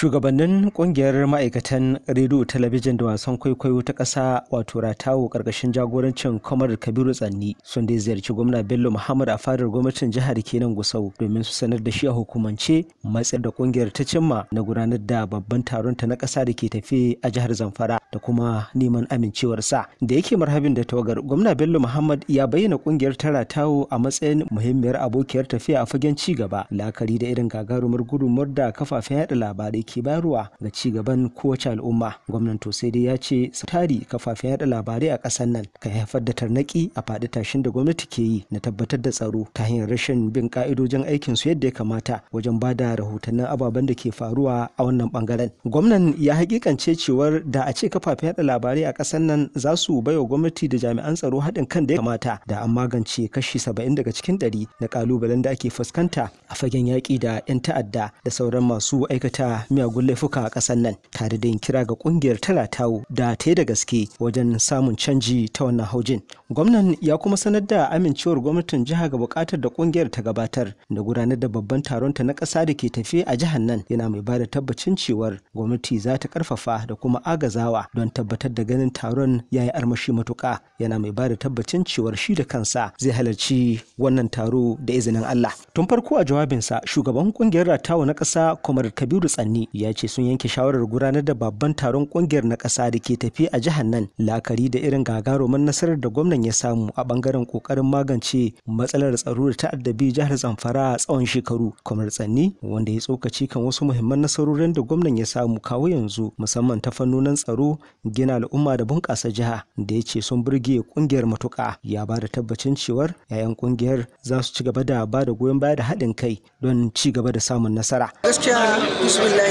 Shugabannin kungiyar ma'aikatan rediyo talabijin da wasan kwaikwayo ta ƙasa wato Ratawo ƙarƙashin jagorancin Kamar Kabiru Tsanni sun dai ziyarci gwamna Bello Muhammad a fadar gwamnatin jihar Kenan Gusau domin su sanar da shi a hukumance matsayar da kungiyar ta cimma na gudanar da babban taron ta na ƙasa da ke tafe a jihar Zamfara da kuma neman amincewarsa. Da yake marhabin da tawagar gwamna Bello Muhammad ya bayyana kungiyar ta Ratawo a matsayin muhimmiyar abokiyar tafiya a fagen ci gaba la'akari da irin gagarumar gudunmuwar da kafafen yaɗa labarai ke bayarwa ga ci gaban kowace al'umma gwamnan to sai dai ya ce tari kafafen yada labarai a ƙasar nan kan haifar da tarnaki a faɗi tashin da gwamnati ke yi na tabbatar da tsaro ta hanyar rashin bin ka'idojin aikin su yadda ya kamata wajen ba da rahotannin ababen da ke faruwa a wannan bangaren gwamnan ya hakikance cewar da a ce kafafen yada labarai a ƙasar nan za su baiwa gwamnati da jami'an tsaro haɗin kan da ya kamata da an magance kashi saba'in daga cikin ɗari na ƙalubalen da ake fuskanta a fagen yaƙi da 'yan ta'adda da sauran masu aikata miyagun laifuka a ƙasar nan tare da yin kira ga ƙungiyar tawo da ta yi da gaske wajen samun canji ta wannan haujin gwamnan ya kuma sanar da amincewar gwamnatin jiha ga buƙatar da ƙungiyar ta gabatar da gudanar da babban taron ta na ƙasa da ke tafe a jihar nan yana mai ba da tabbacin cewar gwamnati za ta ƙarfafa da kuma agazawa don tabbatar da ganin taron ya yi armashi matuƙa yana mai ba da tabbacin cewar shi da kansa zai halarci wannan taro da izinin Allah. Tun farko a jawabinsa shugaban kungiyar ratawa na ƙasa Kwamar Kabiru Tsanni ya ce sun yanke shawarar gudanar da babban taron kungiyar na ƙasa da ke tafi a jihar nan la'akari da irin gagarumin nasarar da gwamnan ya samu a bangaren kokarin magance matsalar tsaro da ta'addabi jihar Zamfara a tsawon shekaru kamar tsanni wanda ya tsokaci kan wasu muhimman nasarorin da gwamnan ya samu kawo yanzu musamman ta fannonin tsaro gina al'umma da bunƙasa jiha da ya ce sun burge kungiyar matuƙa ya ba da tabbacin cewar 'ya'yan kungiyar za su ci gaba da ba da goyon baya da haɗin kai don ci gaba da samun nasara. Gaskiya bismillah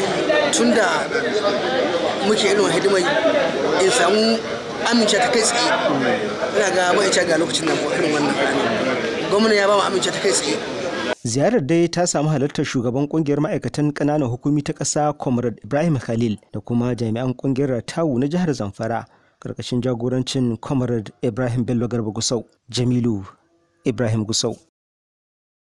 tun da muke irin hidimai in samu amince ta kai tsaye ina ga ma'aikata ga lokacin nan irin wannan gwamna ya ba mu amince ta kai tsaye ziyarar dai ta samu halartar shugaban kungiyar ma'aikatan ƙananan hukumi ta ƙasa comrade ibrahim khalil da kuma jami'an kungiyar tawu na jihar zamfara karkashin jagorancin comrade ibrahim bello garba gusau jamilu ibrahim gusau